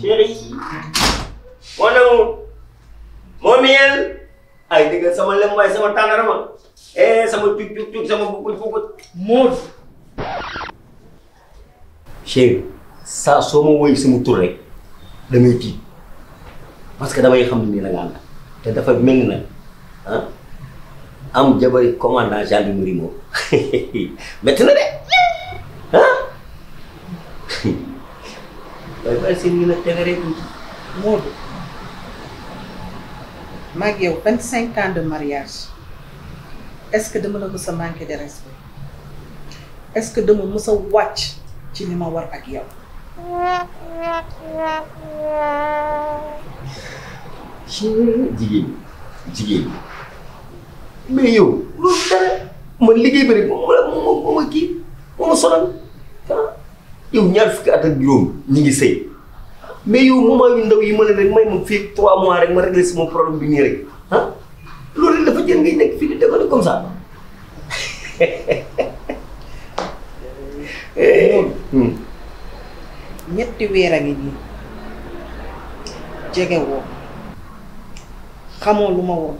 chéri wannan momiyel ay dëgg sama lem waaye sama tàndarama eh sama juk juk juk sama bukut bukut mood chéri saa soo ma woy sama tur rek tiit parce que damay xam ni la nga ànd dafa mel na ah am jabari commandant gendarmerie moom métti na de ah waaye bari vingt cinq ans de mariage est-ce que dama la mës a de respect est-ce que dama mës a wàcc ci li ma war ak yow jigéen jigéen mais yow loolu dara man liggéey ba rek moom ma moo ma kii moo ma sonal ah yow ñaar fukki at ak juróom ñu sëy mais yow moment yu ndaw yi ma ne rek may ma fii trois mois rek ma réglé sama problème bi nii rek ah loolu rek dafa jël ngay nekk fii di déggoo comme ça. ñetti weer jege woo xamoo lu ma war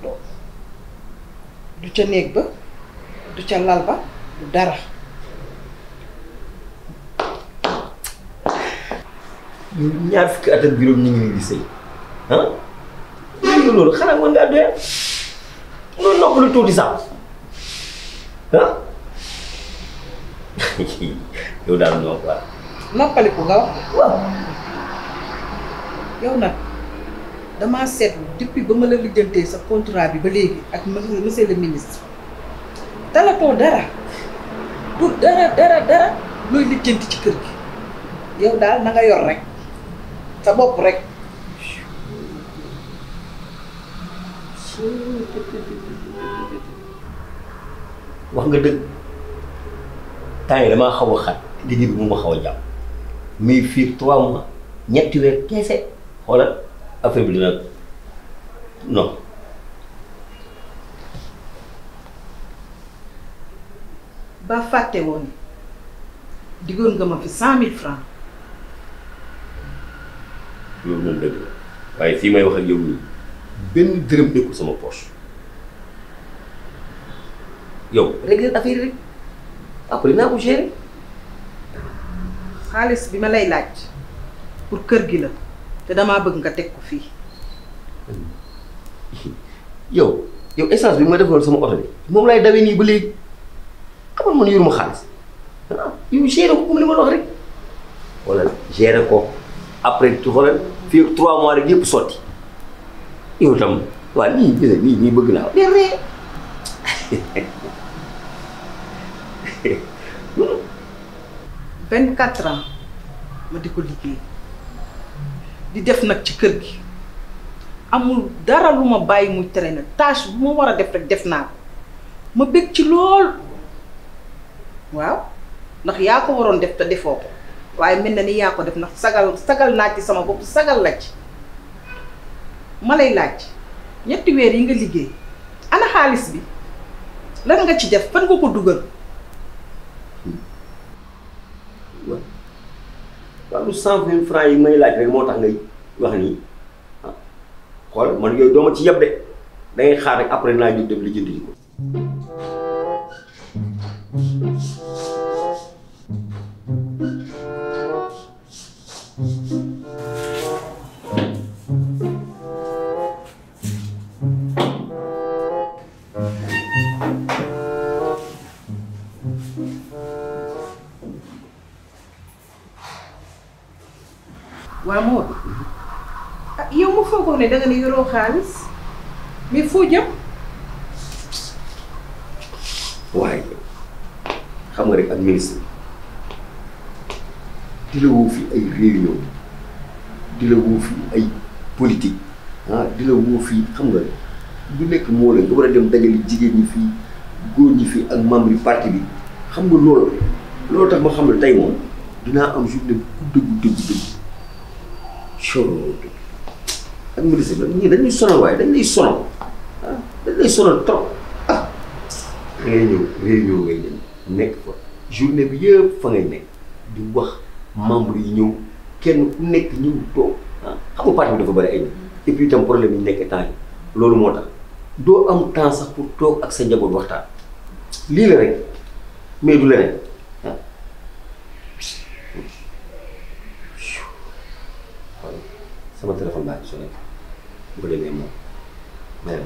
du ca néeg ba du ca lal ba du dara ñaar fukki at ak juróom ñu ngi nii di sëy ah loolu xanaa mën ngaa doyal loolu noppaliku nga wax. yow nag. damaa seetlu depuis ba ma la lijjantee sa contrat bi ba léegi ak monsieur le ministre talatoo dara du dara dara dara looy lijjanti ci kër gi yow daal na nga yor rek sa bopp rek wax nga dëgg temps yi damaa xaw a xat liggéey bi mu ma xaw jàpp muy fii trois mois ñetti weer keese xoolal affaire bi dina non ba fàtte woon diggoon nga ma fi cent mille francs loolu moom dëgg la waaye fii may wax ak yow nii benn dërëm nekkul sama poche yow régler affaire rek après naa ko xaalis bi ma lay laaj pour kër gi la te damaa bëgg nga teg ko fii. yow yow essence bi ma defoon sama oto bi moom lay dawee nii ba léegi xamal man yoruma xaalis ah yow gérer ko comme li ma wax rek wala gérer ko après tu xoolal fii trois mois rek yëpp sotti yow tam waa nii nii bëgg naa ko. Hmm. vingt quatre ans ma di ko liggéey. di def nag ci kër gi amul dara lu ma bàyyi muy traîner tâche bu ma war a def rek def naa ko ma bég ci lool waaw ndax yaa ko waroon def te defoo ko waaye mel na ni yaa ko def ndax sagal sagal naa ci sama bopp sagal la ci ma lay laaj ñetti weer yi nga liggéey ana xaalis bi lan nga ci def fan nga ko dugal. wàllu cent vingt franc yi may laaj rek moo tax ngay wax nii ah xool man yooyu dooma ci yeb de da ngay xaar rek après naa ñu dem li jënd ko ne danga ne yoroo xaalis mais foo jëm. waaye xam nga rek ak ministre di la woo fi ay réunion di la woo fi ay politique ah di la woo fii xam nga du nekk moo la nga war a dem dajale jigéen ñi fii góor ñi fii ak membre yu parti bi xam nga loolu loolu tax ma xam ne tey moom dinaa am journée bu dëgg dëgg dëgg solo dëgg ak ministre bi ñii dañuy sonal waaye dañ lay sonal ah, dañ lay sonal trop ah. ngay ñëw nekk ko journée bi yëpp fa ngay nekk di wax membre yi ñëw kenn ku nekk ñëw toog ah xam nga parti bi dafa bëri ay et puis itam problème yi nekk temps loolu moo tax doo am temps sax pour toog ak sa njaboot waxtaan lii la rek mais du leneen ah. sama téléphone baa ngi sonné. bu demee moom mayam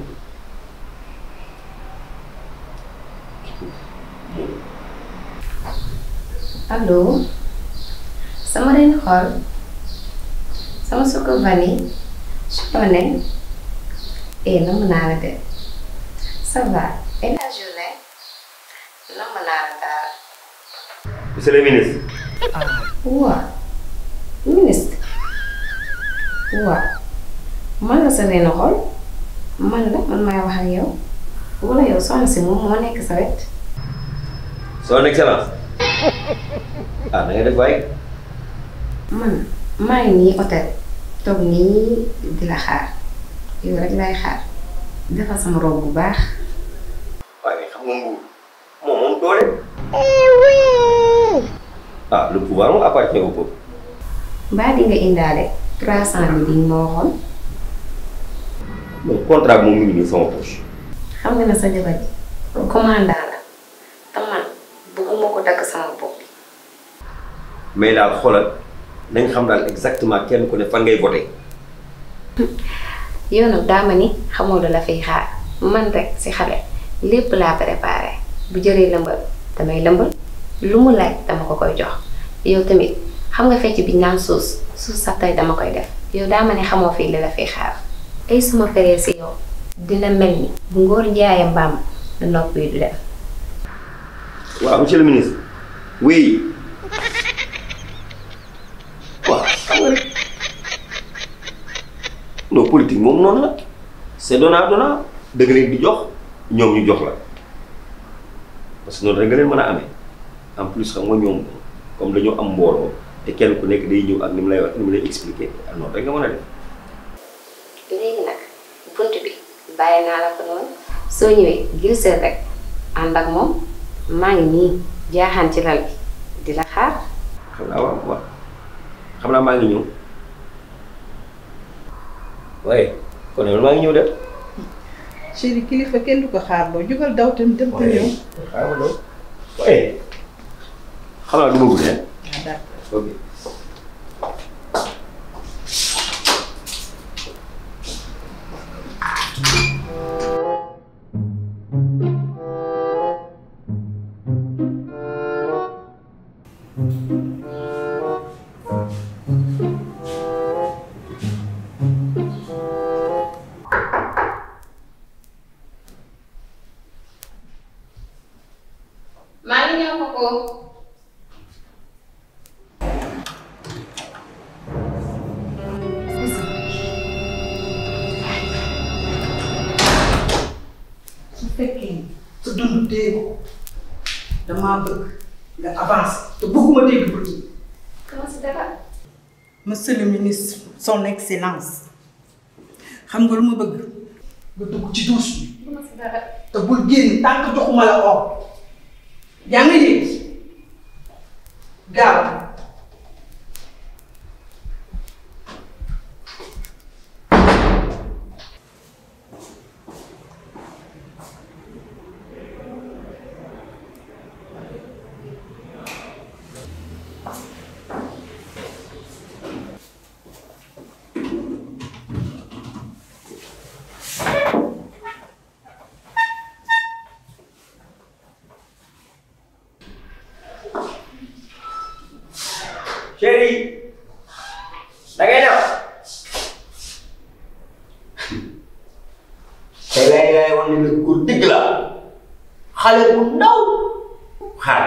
bi sama ren xool sama sukk vanille chutone et eh, namm naa la de ça va et la journée namm ministre. ah waaw ministre waaw. man la sa reenu xol man la man maay wax ak yow wala yow soxna si moom moo nekk sa wet. son excellence ah na def waay. man maa ngi nii hôtel toog nii di la xaar yow rek lay xaar defal sama robe bu baax. waaye moom moom doole. Eh ah le pouvoir moom appartient nga indaale trois cent mille bi ñu ma waxoon. mais contrat moom mi ngi nii sama poche. xam nga ne sa jabar ji commandant la te man bëgguma ko dagg sama bopp. mais daal xoolal nañ xam daal exactement kenn ku ne fan ni xamoo da la fiy xaar man rek si xale lépp laa préparé bu jëree lëmbal damay lëmbal lu mu laaj dama ko koy jox yow tamit xam nga fecc bi naan suus suus sax tey dama koy def yow daa ma ne xamoo fii li la fiy xaar. tey suma feree si yow dina mel ni bu ngóor njaayee mbaam la nopp yi du dem. waaw monsieur le ministre oui waaw noonu la c'est donnant donnant da di jox ñoom ñu jox la parce que noonu rek nga leen mën a amee en plus xam nga ñoom comme dañoo am mbooloo te kenn ku nekk day ñëw ak ni mu lay wax ni mu lay expliquer noonu rek nga mën a def. bàyyi naa la ko noonu soo ñëwee giliseel rek ànd ak moom maa ngi nii jaaxaan ci lal bi di la xaar. xam naa maa ngi ñëw waaye kon yow maa ngi ñëw de. chéri kilifa kenn du ko xaar loo jógal daw tam dem te ñëw. waaye xaaral ma doon waaye xam naa du ma guddee. Ah, ok. Coco. su fekkee sa dund téye damaa bëgg nga avancer te bëgguma dégg bëgg yi. comment son excellence xam nga lu ma bëgg nga dugg ci douche bi. comment c'est dara. bul génn tànk joxuma la or yaa ngi gaaw xale bu ndaw xaar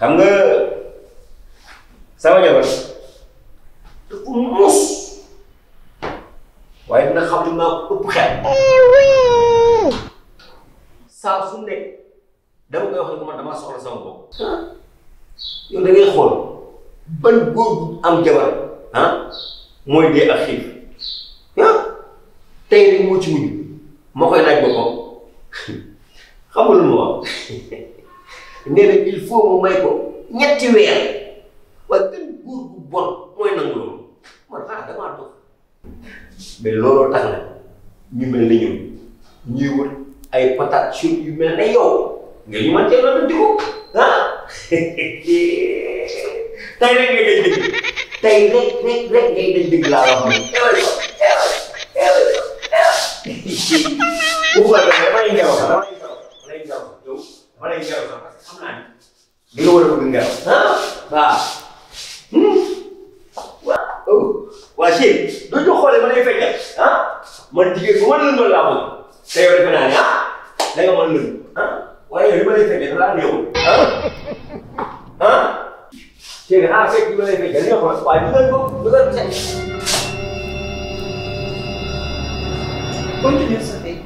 xam nga sama jabar dafa muus waaye dina xam ne maa ëpp xel saa su dama koy wax ne ko man damaa soxla sama bopp yow da xool ban góor am jabar ah mooy dee tey rek moo ci mujj moo koy laaj boppam xamul ma wax nee na il may ko ñetti weer waaye gën góor bu mooy nangu loolu man ah damaa dox mais looloo tax na ñu mel ni ñun ñuy wër ay patate chaude yu mel ne yow nga ñu mën cee loolu ko ah tey rek ngay dégg tey rek rek rek ngay dégg laa wax. bu ko defee dama lay ngelaw dama lay ngelaw yow dama lay ngelaw parce que xam naa ni li nga war a bëgg ngelaw. ah waaw. waaw waa Cheikh doo ñu xoolee ma lay fekkal ah man jigéen bu ma la mën laa bëgg te yow defe naa ne ah da nga mën lënd ah waaye yow li ma lay fekkee dafa laa néewul ah ah Cheikh ah fekk li ma lay fekkal li nga xool waaye du nga du nga du Continue, Sophie.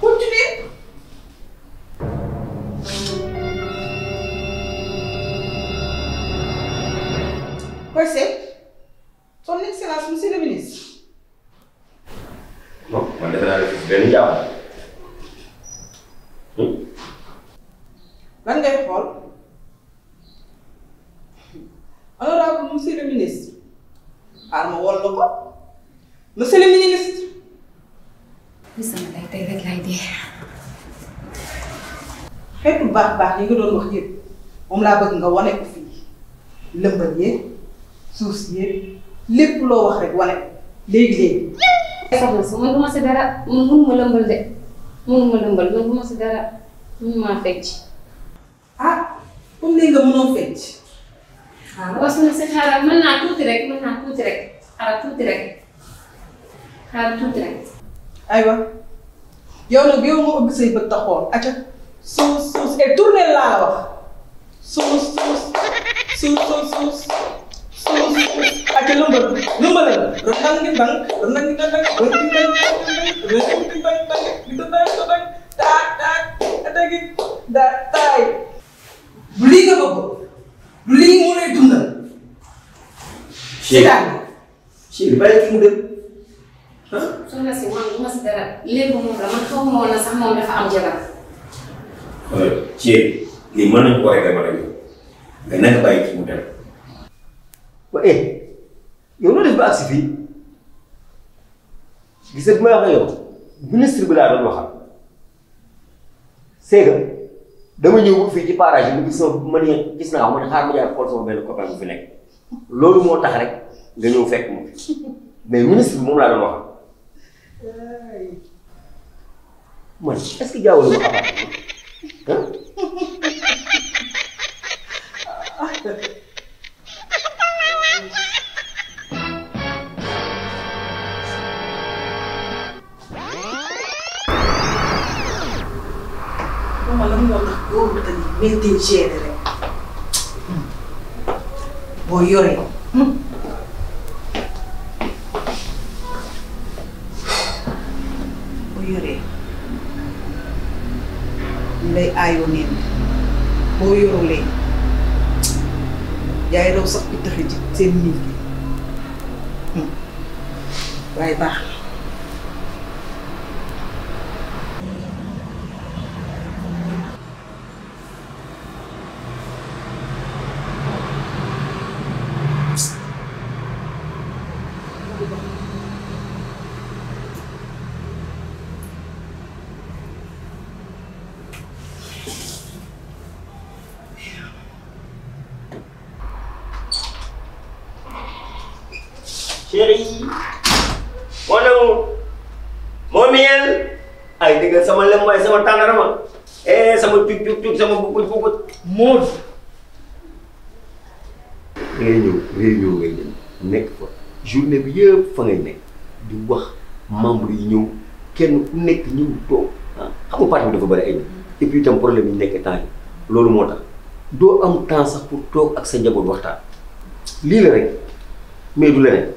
Continue. Percebe? suuf si yëpp lépp loo wax rek wala léegi-léegi. soxna si man du ma si dara man mënu ma lëmbal de mënu ma lëmbal man du ma si dara mënu maa fecc. ah comme ni nga mënoo fecc. waaw ah, waaw soxna si xaaral mën naa tuuti rek mën naa tuuti rek xaaral tuuti rek xaaral tuuti rek. aywa yow nag yow nga ubbi say bët taxoon acca suus suus et eh, tourner laa wax suus suus suus suus suus. Aja lembel, lembel, renang nih bang, renang nih bang, renang nih bang, renang nih bang, bang, gitu bang, gitu bang, tak, tak, ada gitu, tak, tak. Beli nggak kok? Beli mulai tunda. Siapa? Siapa yang muda? soxna si man bu ma si dara lépp moom la man xaw ma woon na sax moom dafa am jabar. ci lii mën nañu ko réglé ma la ñu nga naka bàyyi ci mu dem. ba eh yow noo def ba agsi fii gis nga bi may wax ak yow ministre bi laa doon waxal c'est que dama ñëw fii ci parage bi gis nga gis naa ma ne xaar ma jaar xool sama benn copain bu fi nekk loolu moo tax rek nga ñëw fekk moom mais ministre bi moom laa doon waxal man est que jaawul ma appartement ah. lan moo tax loolu tamit méttee gérer rek boo yoree. boo yoree ñu aayoo neen boo yorulee yaay raw sax bi tax ci seen nit gi hmm. waaye baax sheri wannan momiyal ay dëggal sama lëmbaay sama tàndarama eh sama cug sama bukut bukut muut ngay ñëw ngay ñëw nekk fa journée bi yëpp fa ngay nekk di wax membre yi ñëw kenn ku nekk ñëw toog ah xam nga dafa bëri ay et puis itam problème yi nekk temps loolu moo tax doo am temps sax pour toog ak sa njaboot waxtaan lii la rek mais du leneen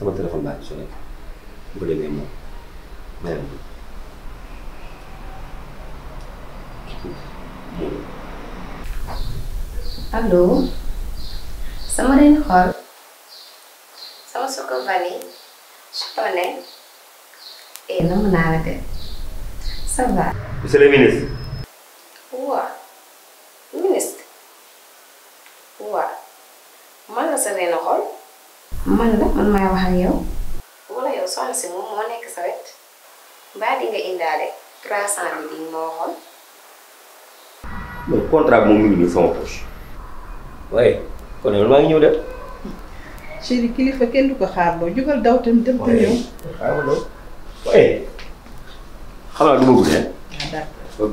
sama téléphone baa ngi sonné bu demee moom ma yàlla allo. sama leen xool. sama sukk fan yi su ne. eh nam naa la de. ça va. monsieur ministre. waaw. ministre. waaw. man la sa leen xool. man la man maay wax ak yow. wala yow moom moo nekk sa wet mbaa di nga indaale trois cent mille yi moo waxoon. mais moom mi ngi nii sama poche. kon yow maa ngi ñëw de. chéri kilifa kenn du ko xaar loo jógal daw tam dem te ñëw. waaye xam naa du ma guddee. ok.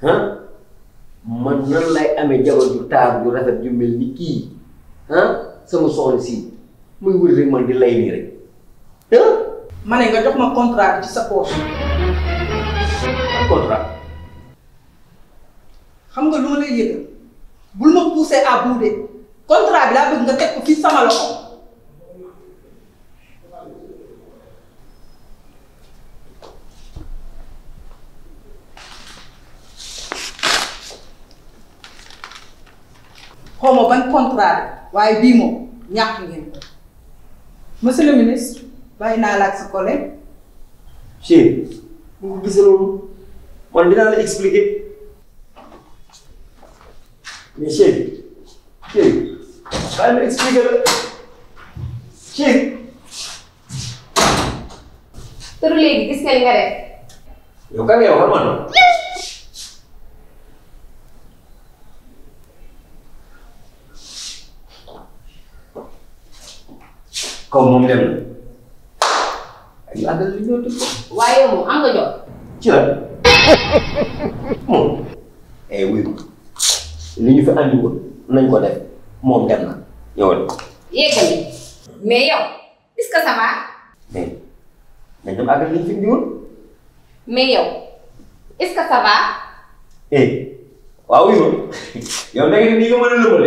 ah man nan lay amee jabar ju taar ju rafet ju mel ni kii ah sama soxna si muy wër rek man di lay nii rek ah. ma ne nga jox ma contrat ci sa poche. contrat. xam nga loolu lay yëgal bul ma pousser à de contrat bi laa bëgg nga teg kii sama loxo. xaw ma ban contrat waaye bii moom ñàkk ngeen ko monsieur le ministre bàyyi naa la ak sa collègue. monsieur bu ko gisee loolu man dinaa la expliquer mais chef chef turu léegi gis nga li nga def. yow kan nga comme moom dem na ñu àndal li ñoo dëkk. waaye moom am nga jot. ci la moom. eh wuyu li ñu fi andi woon ko def moom dem na ñëwal. yéegali mais yow est-ce que ça va. mais nañ dem àggal li ñu fi andi woon. mais yow est-ce que ça va. eh waaw wuyu yow da ngeen di nga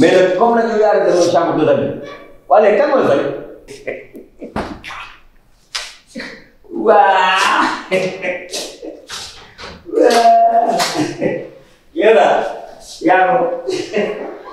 mën a comme nag yow yaa ngi demoon chambre d'hôtel waa léegi kan mooy fay waa waa yéen a yaa